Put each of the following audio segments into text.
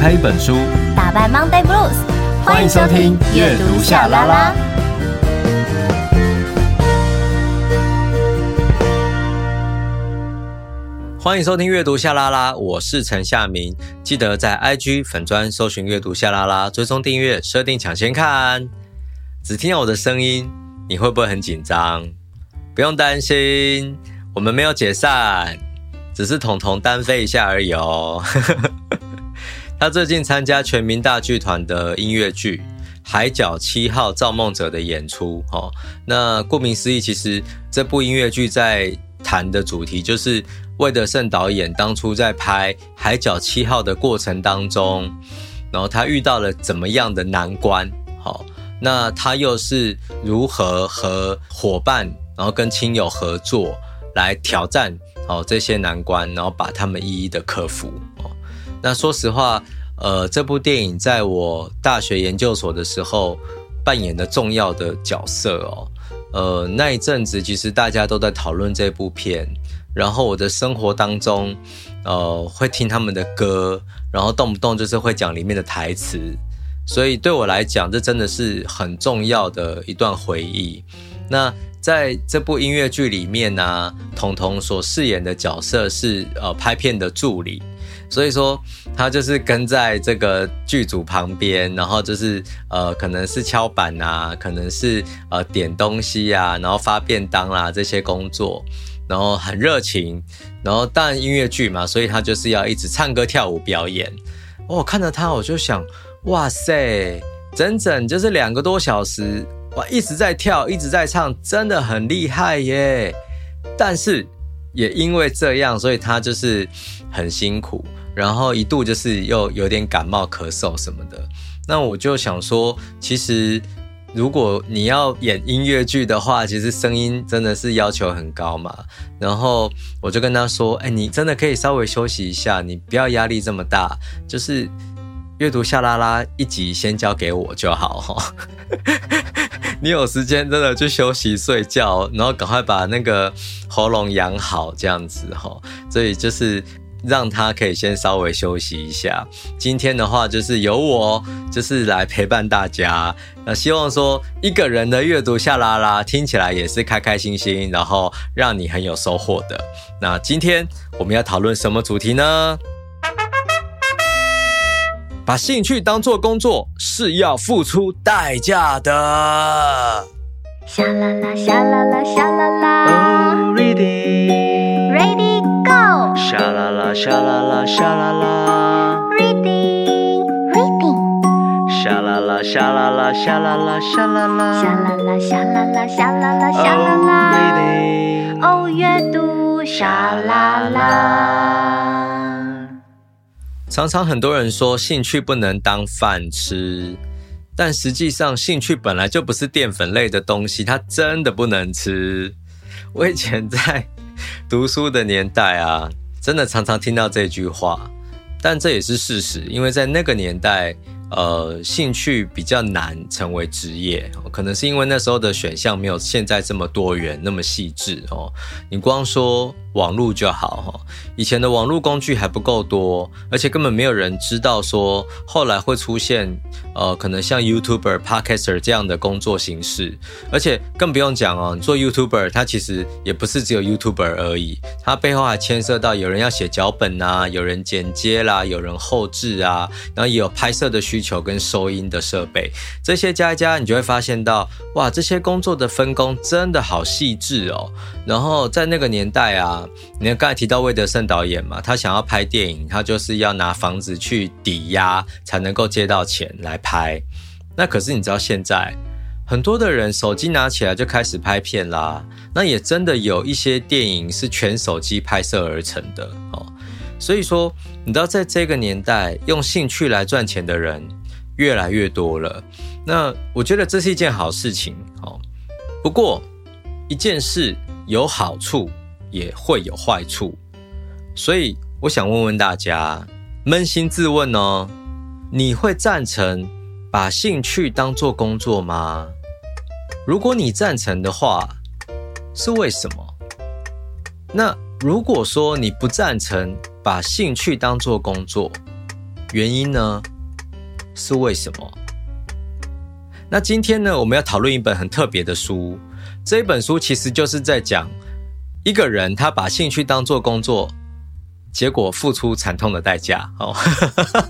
拍一本書，打敗 Monday Blues 歡。讀下拉拉，歡迎收聽閱讀夏拉拉。歡迎收聽閱讀夏拉拉，我是陳夏明。記得在 IG 粉專搜尋閱讀夏拉拉，追蹤訂閱，設定搶先看，只聽到我的聲音，你會不會很緊張？不用擔心，我們沒有解散，只是統統單飛一下而已哦。 他最近參加全民大劇團的音樂劇《海角七號》造夢者的演出，那顧名思義，其實這部音樂劇在談的主題就是魏德聖導演當初在拍《海角七號》的過程當中，然後他遇到了怎麼樣的難關。好，那他又是如何和夥伴，然後跟親友合作來挑戰哦，這些難關，然後把他們一一的克服。那說實話，呃，這部電影在我大學研究所的時候扮演的重要的角色哦，呃，那一陣子其實大家都在討論這部片，然後我的生活當中，呃，會聽他們的歌，然後動不動就是會講裡面的台詞，所以對我來講，這真的是很重要的一段回憶。那在這部音樂劇裡面呢，啊，彤彤所飾演的角色是呃，拍片的助理。所以說，他就是跟在這個劇組旁邊，然後就是呃，可能是敲板啊，可能是呃點東西啊，然後發便當啦、啊、這些工作，然後很熱情。然後當然音樂劇嘛，所以他就是要一直唱歌跳舞表演。我、哦、看着他，我就想，哇塞，整整就是兩個多小時，哇，一直在跳，一直在唱，真的很厲害耶。但是也因為這樣，所以他就是。很辛苦，然後一度就是又有點感冒、咳嗽什麼的。那我就想說，其實如果你要演音樂劇的話，其實聲音真的是要求很高嘛。然後我就跟他說：“哎，你真的可以稍微休息一下，你不要壓力這麼大。就是閱讀夏拉拉一集，先交給我就好哈、哦。 你有時間真的去休息、睡覺，然後趕快把那個喉嚨養好，這樣子哈、哦。所以就是。”讓他可以先稍微休息一下。今天的話，就是由我，就是來陪伴大家。那希望說，一個人的閱讀夏 LaLa，聽起來也是開開心心，然後讓你很有收穫的。那今天我們要討論什麼主題呢？把興趣當做工作，是要付出代價的。夏 LaLa，夏 LaLa，夏 LaLa。Ready，ready。Ready. 沙啦啦沙啦啦沙啦啦，reading reading，沙啦啦沙啦啦沙啦啦沙啦啦，沙啦啦沙啦啦沙啦啦沙啦啦，oh reading oh 閱讀沙啦啦。常常很多人說興趣不能當飯吃，但實際上興趣本來就不是澱粉類的東西，它真的不能吃。我以前在讀書的年代啊。真的常常聽到這句話，但這也是事實，因為在那個年代。呃，興趣比較難成為職業，可能是因為那時候的選項沒有現在這麼多元，那麼細緻哦。你光說網絡就好，以前的網絡工具還不夠多，而且根本沒有人知道說後來會出現呃，可能像 YouTuber、Podcaster 這樣的工作形式。而且更不用講哦，做 YouTuber 他其實也不是只有 YouTuber 而已，他背後還牽涉到有人要寫腳本啊，有人剪接啦，有人後製啊，然後也有拍攝的需需求跟收音的設備，這些加一加，你就會發現到，哇，這些工作的分工真的好細致哦。然後在那個年代啊，你剛才提到魏德聖導演嘛，他想要拍電影，他就是要拿房子去抵押才能夠借到錢來拍。那可是你知道，現在很多的人手機拿起來就開始拍片啦，那也真的有一些電影是全手機拍攝而成的哦。所以說，你知道，在這個年代，用興趣來賺錢的人越來越多了。那我覺得這是一件好事情哦。不過，一件事有好處也會有壞處，所以我想問問大家，捫心自問哦，你會贊成把興趣當做工作嗎？如果你贊成的話，是為什麼？那如果說你不贊成，把興趣當做工作，原因呢是為什麼？那今天呢，我們要討論一本很特別的書。這本書其實就是在講一個人他把興趣當做工作，結果付出慘痛的代價。哦，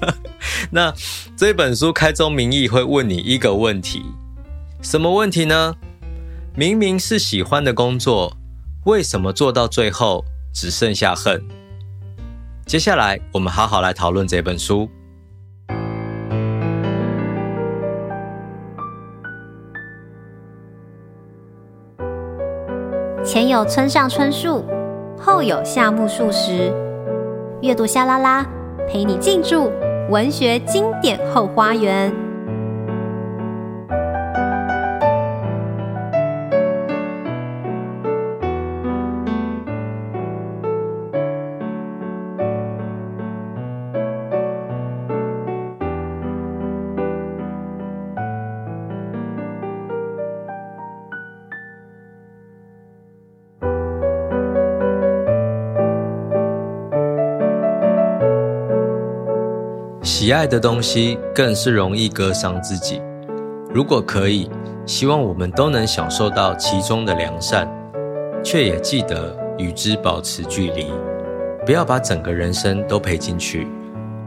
那這本書開宗明義會問你一個問題：什麼問題呢？明明是喜歡的工作，為什麼做到最後只剩下恨？接下來，我們好好來討論這本書。前有村上春樹，後有夏目漱石。閱讀夏拉拉，陪你進駐文學經典後花園。喜愛的東西更是容易割傷自己。如果可以，希望我們都能享受到其中的良善，卻也記得與之保持距離，不要把整個人生都賠進去。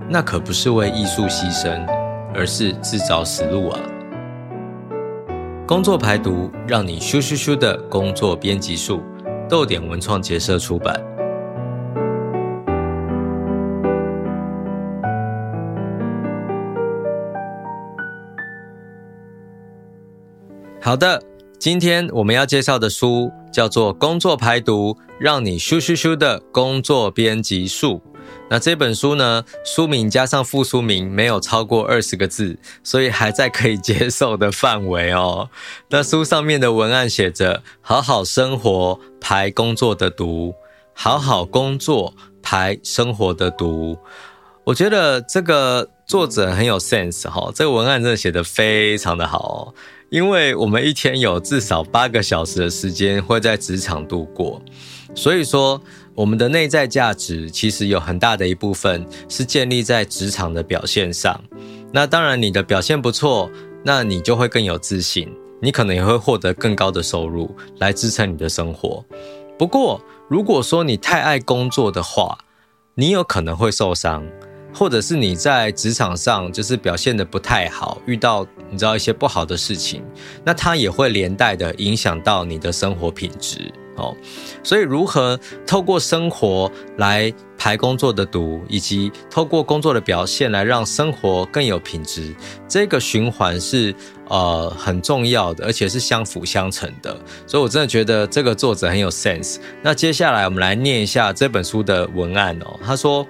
那可不是為藝術犧牲，而是自找死路啊！工作排毒，讓你咻咻咻的工作編輯術，逗點文創結社出版。好的，今天我們要介紹的書叫做《工作排毒》，讓你咻咻咻的工作編輯術。那這本書呢，書名加上副書名沒有超過二十個字，所以還在可以接受的範圍哦。那書上面的文案寫着：“好好生活排工作的毒，好好工作排生活的毒。”我覺得這個作者很有 sense 哈、哦，這個文案真的寫得非常的好哦。因為我們一天有至少八個小時的時間會在職場度過，所以說我們的內在價值其實有很大的一部分是建立在職場的表現上。那當然，你的表現不錯，那你就會更有自信，你可能也會獲得更高的收入來支撐你的生活。不過，如果說你太愛工作的話，你有可能會受傷。或者是你在職場上就是表現得不太好，遇到你知道一些不好的事情，那它也會連帶的影響到你的生活品質哦。所以如何透過生活來排工作的毒，以及透過工作的表現來讓生活更有品質，這個循環是呃很重要的，而且是相輔相成的。所以我真的覺得這個作者很有 sense。那接下來我們來念一下這本書的文案哦，他說。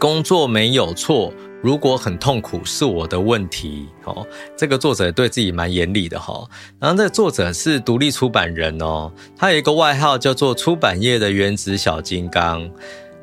工作沒有錯，如果很痛苦是我的問題。哦，這個作者對自己蠻嚴厲的哈、哦。然後，這個作者是獨立出版人哦，他有一個外號叫做“出版業的原子小金剛”。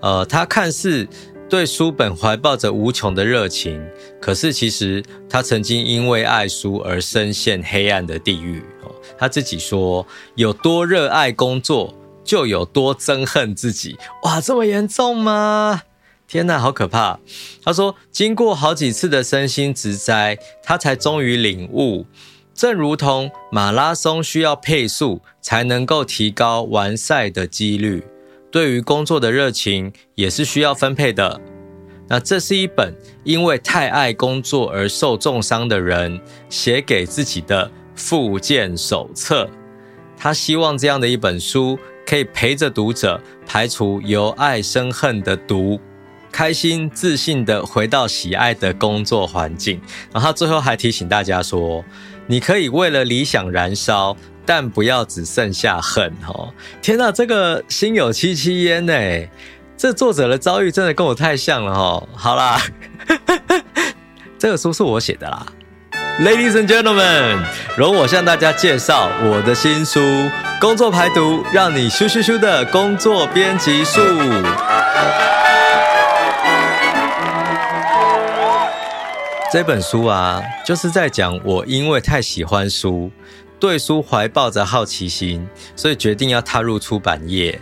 呃，他看似對書本懷抱着無窮的熱情，可是其實他曾經因為愛書而深陷黑暗的地獄。哦，他自己說，有多熱愛工作，就有多憎恨自己。哇，這麼嚴重嗎？天吶，好可怕！他說，經過好幾次的身心之災，他才終於領悟，正如同馬拉松需要配速，才能夠提高完賽的幾率。對於工作的熱情，也是需要分配的。那這是一本因為太愛工作而受重傷的人寫給自己的復健手冊。他希望這樣的一本書，可以陪着讀者排除由愛生恨的毒。開心自信地回到喜愛的工作環境，然後最後還提醒大家說：你可以為了理想燃燒，但不要只剩下恨哦！天哪，這個心有戚戚焉呢。這作者的遭遇真的跟我太像了哦，好啦， 這個書是我寫的啦，Ladies and gentlemen，容我向大家介紹我的新書《工作排毒》，讓你咻咻咻的工作編輯術。這本書啊，就是在講我因為太喜歡書，對書懷抱着好奇心，所以決定要踏入出版業，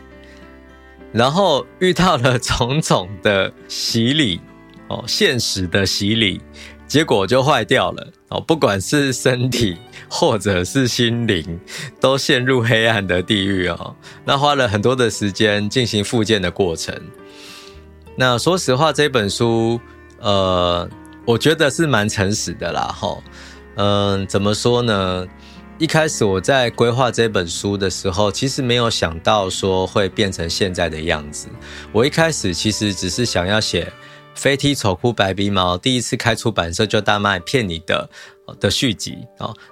然後遇到了種種的洗禮哦，現實的洗禮，結果就壞掉了哦，不管是身體或者是心靈，都陷入黑暗的地獄哦。那花了很多的時間進行復健的過程。那說實話，這本書呃，我覺得是蠻誠實的啦，哈，嗯，怎麼說呢？一開始我在規劃這本書的時候，其實沒有想到說會變成現在的樣子。我一開始其實只是想要寫《飛踢醜哭白鼻毛》，第一次開出版社就大賣，騙你的的續集。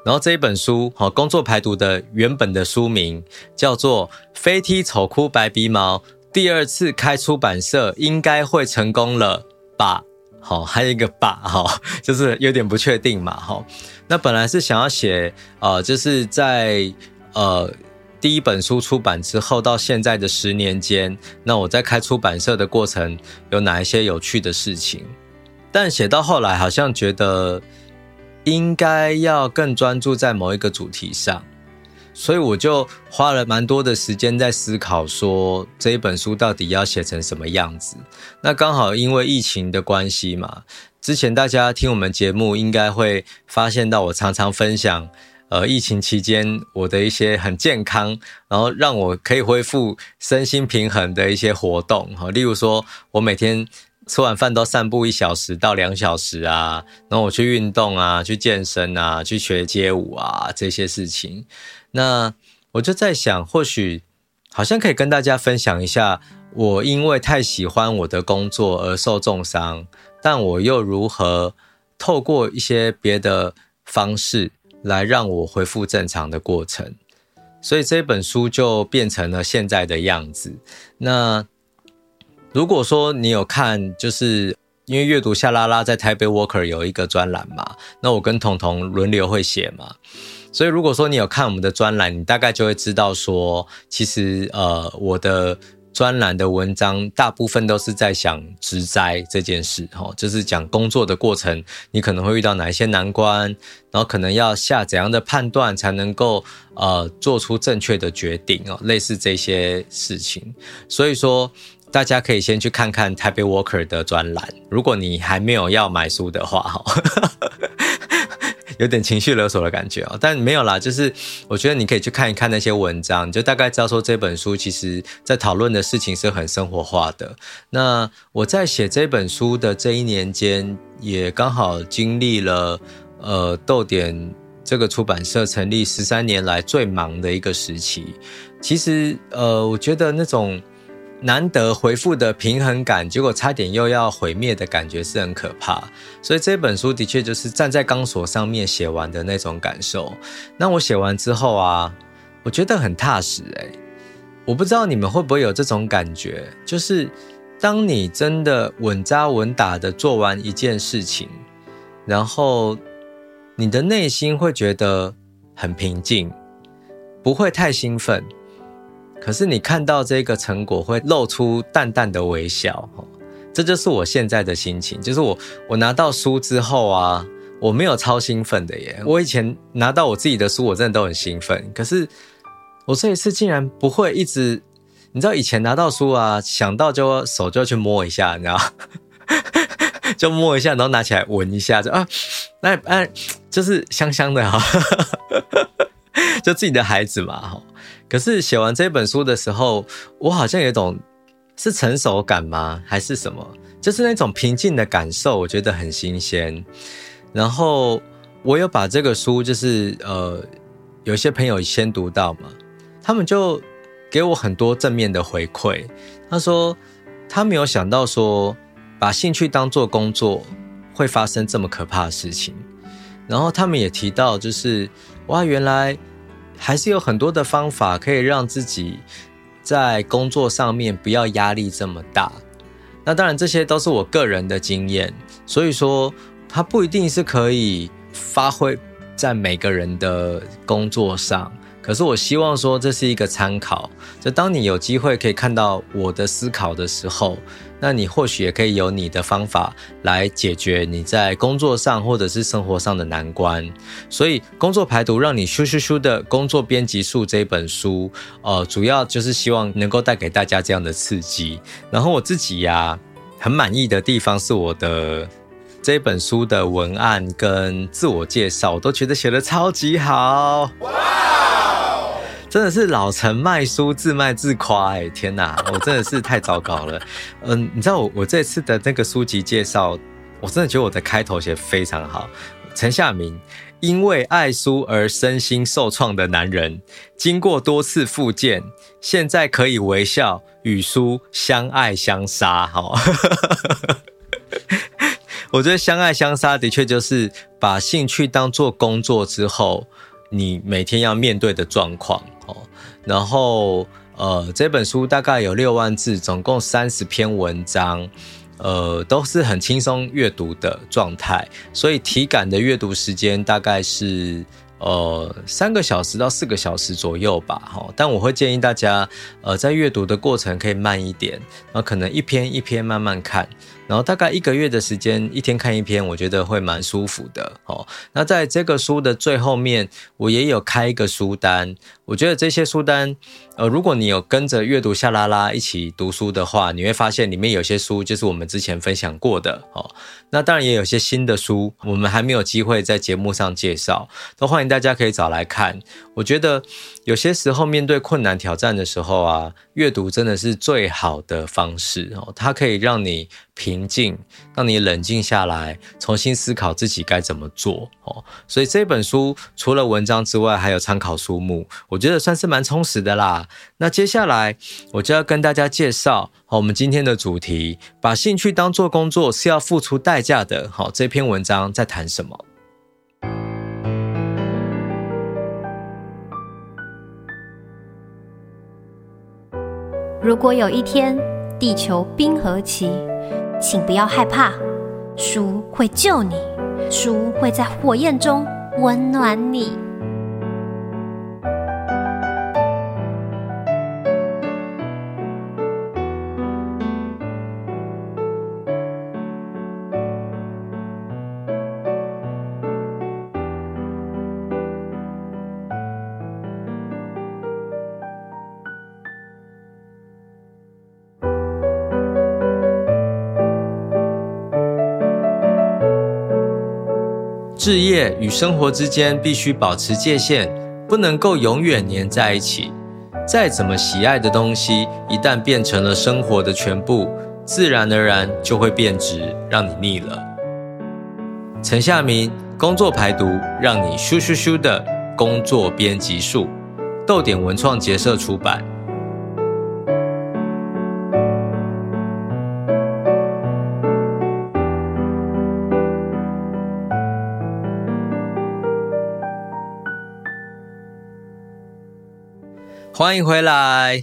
然後這一本書，好《工作排毒》的原本的書名叫做《飛踢醜哭白鼻毛》，第二次開出版社應該會成功了吧？好，還有一個吧，哈，就是有點不確定嘛，哈。那本來是想要寫，呃，就是在，呃，第一本書出版之後到現在的十年間，那我在開出版社的過程有哪一些有趣的事情。但寫到後來，好像覺得應該要更專注在某一個主題上。所以我就花了蠻多的時間在思考，說這一本書到底要寫成什麼樣子？那剛好因為疫情的關係嘛，之前大家聽我們節目應該會發現到，我常常分享，呃，疫情期間我的一些很健康，然後讓我可以恢復身心平衡的一些活動，哈，例如說我每天吃完飯都散步一小時到兩小時啊，然後我去運動啊，去健身啊，去學街舞啊，這些事情。那我就在想，或許好像可以跟大家分享一下，我因為太喜歡我的工作而受重傷，但我又如何透過一些別的方式來讓我恢復正常的過程？所以這本書就變成了現在的樣子。那如果說你有看，就是。因為閱讀夏拉拉在台北 Walker 有一個專欄嘛，那我跟彤彤輪流會寫嘛，所以如果說你有看我們的專欄，你大概就會知道說，其實呃我的專欄的文章大部分都是在想職災這件事哦，就是講工作的過程，你可能會遇到哪一些難關，然後可能要下怎樣的判斷才能夠呃做出正確的決定哦，類似這些事情，所以說。大家可以先去看看 Taipei Walker 的專欄。如果你還沒有要買書的話，哈， 有點情緒勒索的感覺，但沒有啦。就是我覺得你可以去看一看那些文章，就大概知道說這本書其實在討論的事情是很生活化的。那我在寫這本書的這一年間，也剛好經歷了呃逗點這個出版社成立十三年來最忙的一個時期。其實呃，我覺得那種。難得恢復的平衡感，結果差點又要毀滅的感覺是很可怕。所以這本書的確就是站在鋼索上面寫完的那種感受。那我寫完之後啊，我覺得很踏實，欸。哎，我不知道你們會不會有這種感覺，就是當你真的穩扎穩打的做完一件事情，然後你的內心會覺得很平靜，不會太興奮。可是你看到這個成果，會露出淡淡的微笑，哈，這就是我現在的心情。就是我，我拿到書之後啊，我沒有超興奮的耶。我以前拿到我自己的書，我真的都很興奮。可是我這一次竟然不會一直，你知道，以前拿到書啊，想到就手就去摸一下，你知道， 就摸一下，然後拿起來聞一下，就啊，那那、啊、就是香香的哈， 就自己的孩子嘛，哈。可是寫完這本書的時候，我好像有一種是成熟感嗎？還是什麼？就是那種平靜的感受，我覺得很新鮮。然後我有把這個書，就是呃，有些朋友先讀到嘛，他們就給我很多正面的回饋。他說他沒有想到說把興趣當做工作會發生這麼可怕的事情。然後他們也提到，就是哇，原來。還是有很多的方法可以讓自己在工作上面不要壓力這麼大。那當然這些都是我個人的經驗，所以說它不一定是可以發揮在每個人的工作上。可是我希望說這是一個參考，就當你有機會可以看到我的思考的時候。那你或許也可以有你的方法來解決你在工作上或者是生活上的難關。所以，工作排毒，讓你咻咻咻的工作編輯術這本書，呃，主要就是希望能夠帶給大家這樣的刺激。然後，我自己呀、啊，很滿意的地方是我的這本書的文案跟自我介紹，我都覺得寫得超級好。哇！真的是老陳賣書自賣自誇哎、欸！天哪，我真的是太糟糕了。嗯，你知道我我這次的那個書籍介紹，我真的覺得我的開頭寫非常好。陳夏民，因為愛書而身心受創的男人，經過多次復健，現在可以微笑與書相愛相殺。好、哦， 我覺得相愛相殺的確就是把興趣當做工作之後，你每天要面對的狀況。然後，呃，這本書大概有六萬字，總共三十篇文章，呃，都是很輕鬆閱讀的狀態，所以體感的閱讀時間大概是呃三個小時到四個小時左右吧，哈。但我會建議大家，呃，在閱讀的過程可以慢一點，然後可能一篇一篇慢慢看。然後大概一個月的時間，一天看一篇，我覺得會蠻舒服的。哦。那在這個書的最後面，我也有開一個書單。我覺得這些書單，呃，如果你有跟着閱讀夏拉拉一起讀書的話，你會發現裡面有些書就是我們之前分享過的。哦。那當然也有些新的書，我們還沒有機會在節目上介紹，都歡迎大家可以找來看。我覺得有些時候面對困難挑戰的時候啊，閱讀真的是最好的方式哦，它可以讓你平。靜，讓你冷靜下來，重新思考自己該怎麼做哦。所以這本書除了文章之外，還有參考書目，我覺得算是蠻充實的啦。那接下來我就要跟大家介紹好我們今天的主題：把興趣當做工作是要付出代價的。好，這篇文章在談什麼？如果有一天，地球冰河期。請不要害怕，書會救你，書會在火焰中溫暖你。事業與生活之間必須保持界限，不能夠永遠黏在一起。再怎麼喜愛的東西，一旦變成了生活的全部，自然而然就會變質，讓你膩了。陳夏民，工作排毒，讓你咻咻咻的工作編輯術，逗點文創結社出版。歡迎回來。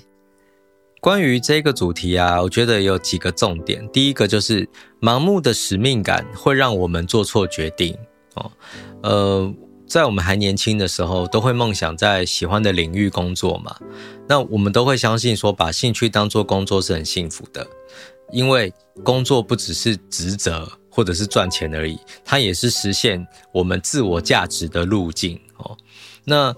關於這個主題啊，我覺得有幾個重點。第一個就是盲目的使命感會讓我們做錯決定哦。呃，在我們還年輕的時候，都會夢想在喜歡的領域工作嘛。那我們都會相信說，把興趣當做工作是很幸福的，因為工作不只是職責或者是賺錢而已，它也是實現我們自我價值的路徑哦。那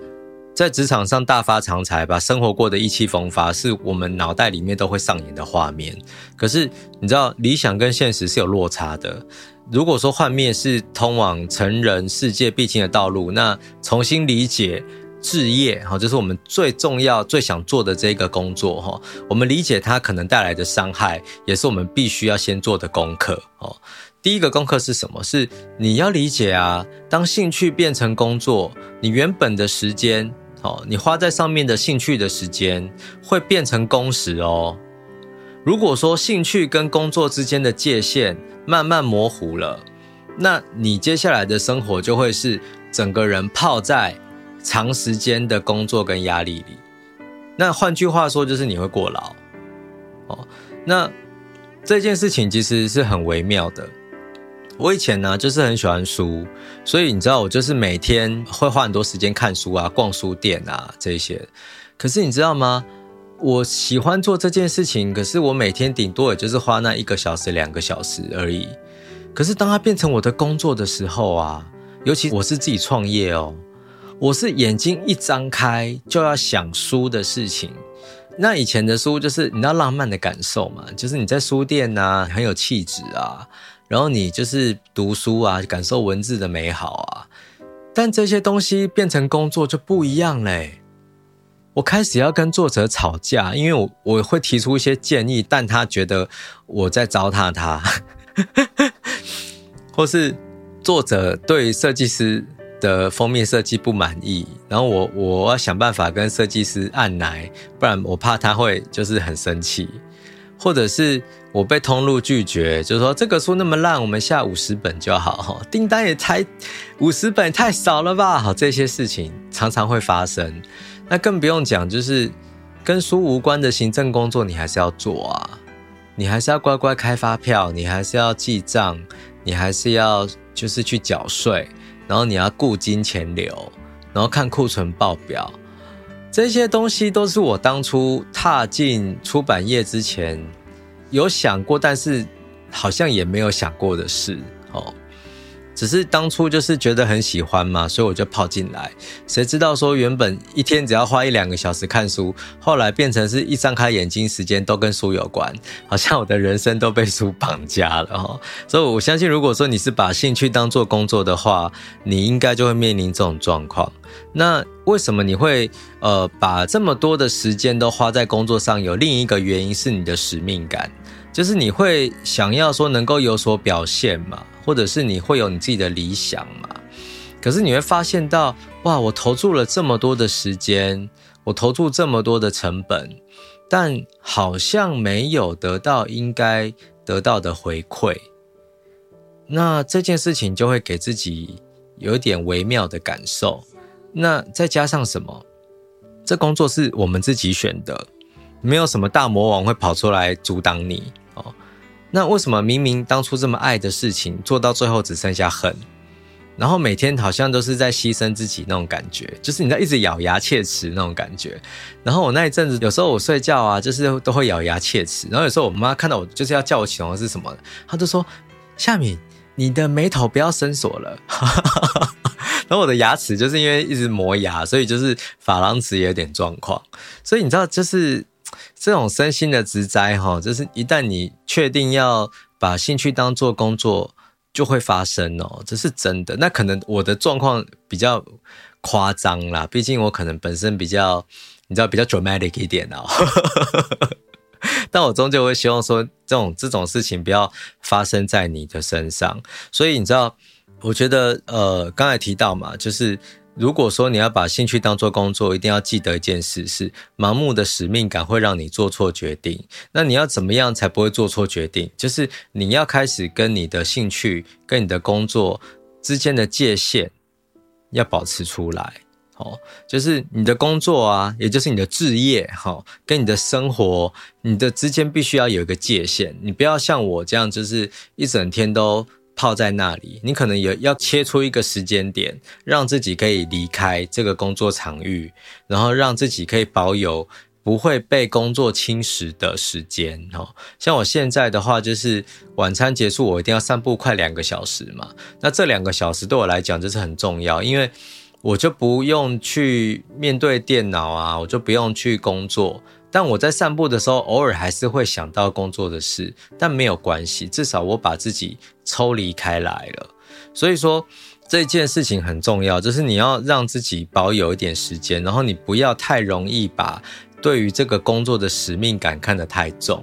在職場上大發長才，把生活過得意氣風發，是我們腦袋裡面都會上演的畫面。可是你知道，理想跟現實是有落差的。如果說幻滅是通往成人世界必經的道路，那重新理解置業，哈，這是我們最重要、最想做的這個工作，我們理解它可能帶來的傷害，也是我們必須要先做的功課。哦，第一個功課是什麼？是你要理解啊，當興趣變成工作，你原本的時間。哦，你花在上面的興趣的時間會變成工時哦。如果說興趣跟工作之間的界限慢慢模糊了，那你接下來的生活就會是整個人泡在長時間的工作跟壓力裡。那換句話說，就是你會過勞。哦，那這件事情其實是很微妙的。我以前呢、啊，就是很喜歡書，所以你知道，我就是每天會花很多時間看書啊，逛書店啊這些。可是你知道嗎？我喜歡做這件事情，可是我每天頂多也就是花那一個小時、兩個小時而已。可是當它變成我的工作的時候啊，尤其我是自己創業哦，我是眼睛一張開就要想書的事情。那以前的書就是你知道浪漫的感受嘛，就是你在書店吶、啊，很有氣質啊。然後你就是讀書啊，感受文字的美好啊，但這些東西變成工作就不一樣嘞。我開始要跟作者吵架，因為我我會提出一些建議，但他覺得我在糟蹋他， 或是作者對設計師的封面設計不滿意，然後我我要想辦法跟設計師按捺，不然我怕他會就是很生氣，或者是。我被通路拒絕，就是說這個書那麼爛，我們下五十本就好，訂單也才五十本，太少了吧？好，這些事情常常會發生。那更不用講，就是跟書無關的行政工作，你還是要做啊，你還是要乖乖開發票，你還是要記賬，你還是要就是去繳稅，然後你要顧金錢流，然後看庫存報表，這些東西都是我當初踏進出版業之前。有想過，但是好像也沒有想過的事哦。只是當初就是覺得很喜歡嘛，所以我就跑進來。誰知道說原本一天只要花一兩個小時看書，後來變成是一張開眼睛時間都跟書有關，好像我的人生都被書綁架了哦。所以，我相信如果說你是把興趣當做工作的話，你應該就會面臨這種狀況。那為什麼你會呃把這麼多的時間都花在工作上有？有另一個原因是你的使命感。就是你會想要說能夠有所表現嘛，或者是你會有你自己的理想嘛。可是你會發現到，哇，我投注了這麼多的時間，我投注這麼多的成本，但好像沒有得到應該得到的回饋。那這件事情就會給自己有一點微妙的感受。那再加上什麼？這工作是我們自己選的，沒有什麼大魔王會跑出來阻擋你。那為什麼明明當初這麼愛的事情，做到最後只剩下恨，然後每天好像都是在犧牲自己那種感覺，就是你在一直咬牙切齒那種感覺。然後我那一陣子有時候我睡覺啊，就是都會咬牙切齒。然後有時候我媽看到我就是要叫我起床是什麼，她就說：“夏民，你的眉頭不要伸鎖了。 ”然後我的牙齒就是因為一直磨牙，所以就是琺瑯質也有點狀況。所以你知道，就是。這種身心的職災，哈，就是一旦你確定要把興趣當做工作，就會發生哦，這是真的。那可能我的狀況比較誇張啦，畢竟我可能本身比較，你知道比較 dramatic 一點哦。 但我終究會希望說，這種這種事情不要發生在你的身上。所以你知道，我覺得，呃，剛才提到嘛，就是。如果說你要把興趣當做工作，一定要記得一件事：是盲目的使命感會讓你做錯決定。那你要怎麼樣才不會做錯決定？就是你要開始跟你的興趣、跟你的工作之間的界限要保持出來。好、哦，就是你的工作啊，也就是你的職業哈、哦，跟你的生活、你的之間必須要有一個界限。你不要像我這樣，就是一整天都，泡在那裡，你可能也要切出一個時間點，讓自己可以離開這個工作場域，然後讓自己可以保有不會被工作侵蝕的時間。哦，像我現在的話，就是晚餐結束，我一定要散步快兩個小時嘛。那這兩個小時對我來講就是很重要，因為我就不用去面對電腦啊，我就不用去工作。但我在散步的時候，偶爾還是會想到工作的事，但沒有關係，至少我把自己抽離開來了。所以說，這件事情很重要，就是你要讓自己保有一點時間，然後你不要太容易把對於這個工作的使命感看得太重。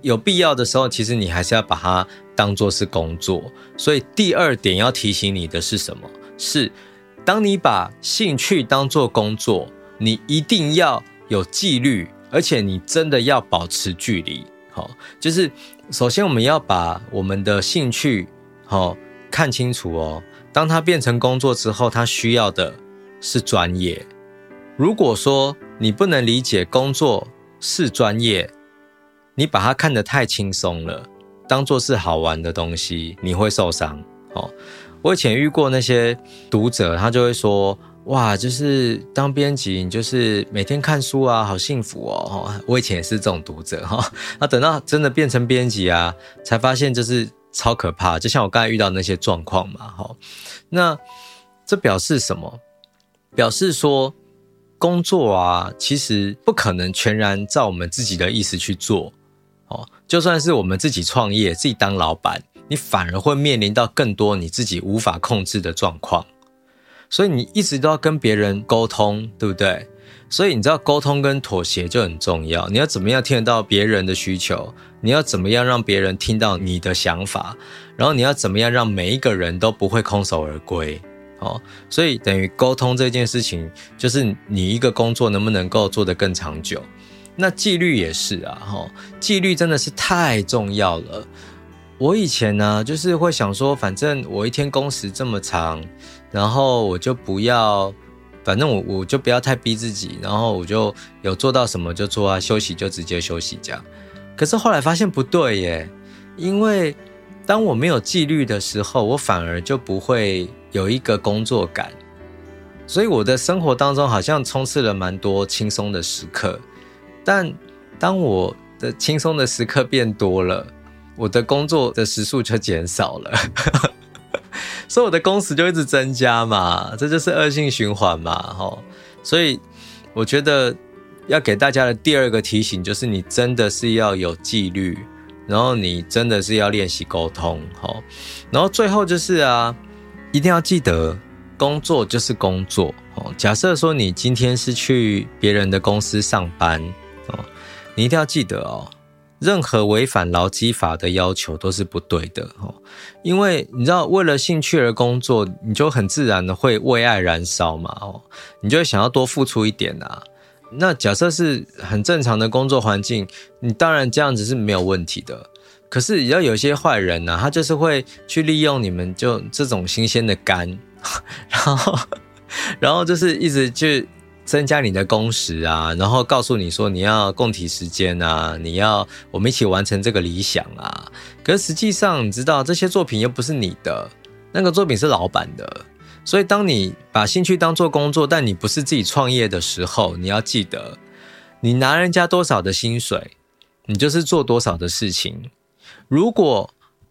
有必要的時候，其實你還是要把它當做是工作。所以第二點要提醒你的是什麼？是當你把興趣當做工作，你一定要有紀律。而且你真的要保持距離，好、哦，就是首先我們要把我們的興趣，好、哦、看清楚哦。當它變成工作之後，它需要的是專業。如果說你不能理解工作是專業，你把它看得太輕鬆了，當做是好玩的東西，你會受傷。哦，我以前遇過那些讀者，他就會說。哇，就是當編輯，你就是每天看書啊，好幸福哦！哦，我以前也是這種讀者哈、哦。那等到真的變成編輯啊，才發現就是超可怕。就像我剛才遇到那些狀況嘛，哈、哦。那這表示什麼？表示說工作啊，其實不可能全然照我們自己的意思去做哦。就算是我們自己創業、自己當老闆，你反而會面臨到更多你自己無法控制的狀況。所以你一直都要跟別人溝通，對不對？所以你知道溝通跟妥協就很重要。你要怎麼樣聽得到別人的需求？你要怎麼樣讓別人聽到你的想法？然後你要怎麼樣讓每一個人都不會空手而歸？哦，所以等於溝通這件事情，就是你一個工作能不能夠做得更長久？那紀律也是啊，哈、哦，紀律真的是太重要了。我以前呢、啊，就是會想說，反正我一天工時這麼長。然後我就不要，反正我我就不要太逼自己。然後我就有做到什麼就做啊，休息就直接休息這樣。可是後來發現不對耶，因為當我沒有紀律的時候，我反而就不會有一個工作感。所以我的生活當中好像充斥了蠻多輕鬆的時刻，但當我的輕鬆的時刻變多了，我的工作的時數就減少了。 所以我的工時就一直增加嘛，這就是惡性循環嘛，吼、哦。所以我覺得要給大家的第二個提醒就是，你真的是要有紀律，然後你真的是要練習溝通，吼、哦。然後最後就是啊，一定要記得工作就是工作哦。假設說你今天是去別人的公司上班哦，你一定要記得哦。任何違反勞基法的要求都是不對的哦，因為你知道，為了興趣而工作，你就很自然的會為愛燃燒嘛哦，你就想要多付出一點啊。那假設是很正常的工作環境，你當然這樣子是沒有問題的。可是，也要有些壞人啊，他就是會去利用你們就這種新鮮的肝，然後，然後就是一直去，增加你的工時啊，然後告訴你說你要共體時艱啊，你要我們一起完成這個理想啊。可實際上，你知道這些作品又不是你的，那個作品是老闆的。所以，當你把興趣當做工作，但你不是自己創業的時候，你要記得，你拿人家多少的薪水，你就是做多少的事情。如果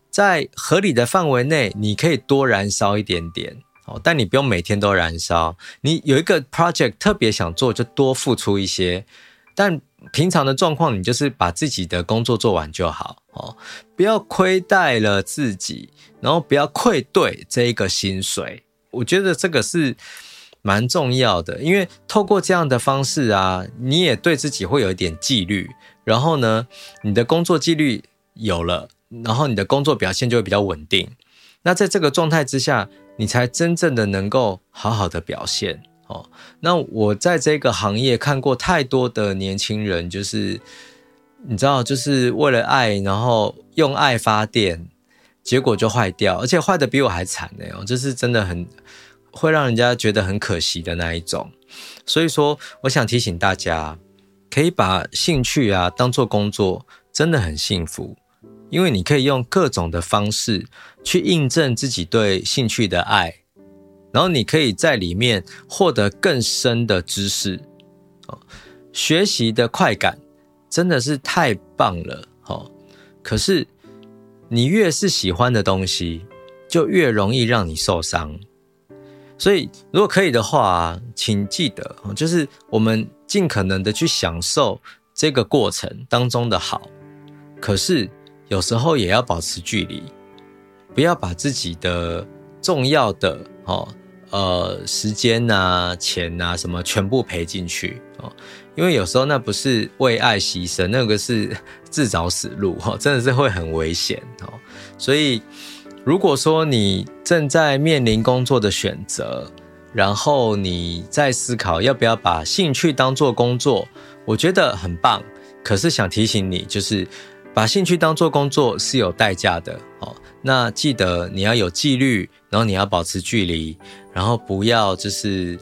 在合理的範圍內，你可以多燃燒一點點。哦，但你不用每天都燃燒。你有一個 project 特別想做，就多付出一些。但平常的狀況，你就是把自己的工作做完就好哦，不要虧待了自己，然後不要愧對這一個薪水。我覺得這個是蠻重要的，因為透過這樣的方式啊，你也對自己會有一點紀律。然後呢，你的工作紀律有了，然後你的工作表現就會比較穩定。那在這個狀態之下，你才真正的能夠好好的表現哦。那我在這個行業看過太多的年輕人，就是你知道，就是為了愛，然後用愛發電，結果就壞掉，而且壞的比我還慘呢、欸。就是真的很會讓人家覺得很可惜的那一種。所以說，我想提醒大家，可以把興趣啊當做工作，真的很幸福。因為你可以用各種的方式去印證自己對興趣的愛，然後你可以在裡面獲得更深的知識哦。學習的快感真的是太棒了，哦，可是你越是喜歡的東西，就越容易讓你受傷。所以，如果可以的話，請記得，就是我們盡可能的去享受這個過程當中的好。可是。有時候也要保持距離，不要把自己的重要的哦呃時間吶、啊、錢吶、啊、什麼全部賠進去哦，因為有時候那不是為愛犧牲，那個是自找死路哦，真的是會很危險哦。所以，如果說你正在面臨工作的選擇，然後你在思考要不要把興趣當做工作，我覺得很棒，可是想提醒你就是。把興趣當做工作是有代價的，好，那記得你要有紀律，然後你要保持距離，然後不要就是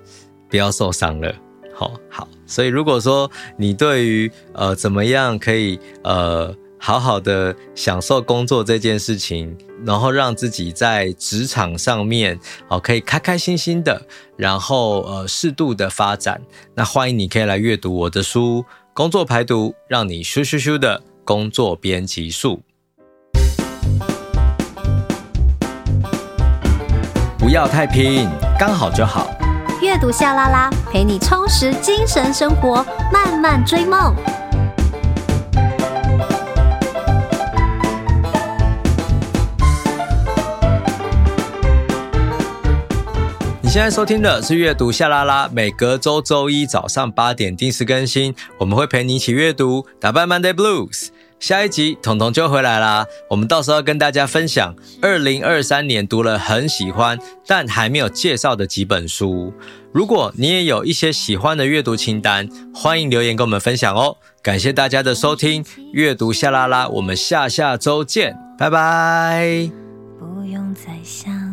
不要受傷了，好好。所以如果說你對於呃怎麼樣可以呃好好的享受工作這件事情，然後讓自己在職場上面哦、呃、可以開開心心的，然後呃適度的發展，那歡迎你可以來閱讀我的書《工作排毒》，讓你咻咻咻的。工作編輯術，不要太拼，剛好就好。閱讀夏拉拉，陪你充實精神生活，慢慢追夢。現在收聽的是閱讀夏拉拉，每隔周周一早上八點定時更新。我們會陪你一起閱讀，打敗 Monday Blues。下一集彤彤就回來啦，我們到時候跟大家分享二零二三年讀了很喜歡但還沒有介紹的幾本書。如果你也有一些喜歡的閱讀清單，歡迎留言跟我們分享哦。感謝大家的收聽，閱讀夏拉拉，我們下下周見，拜拜。不用再想。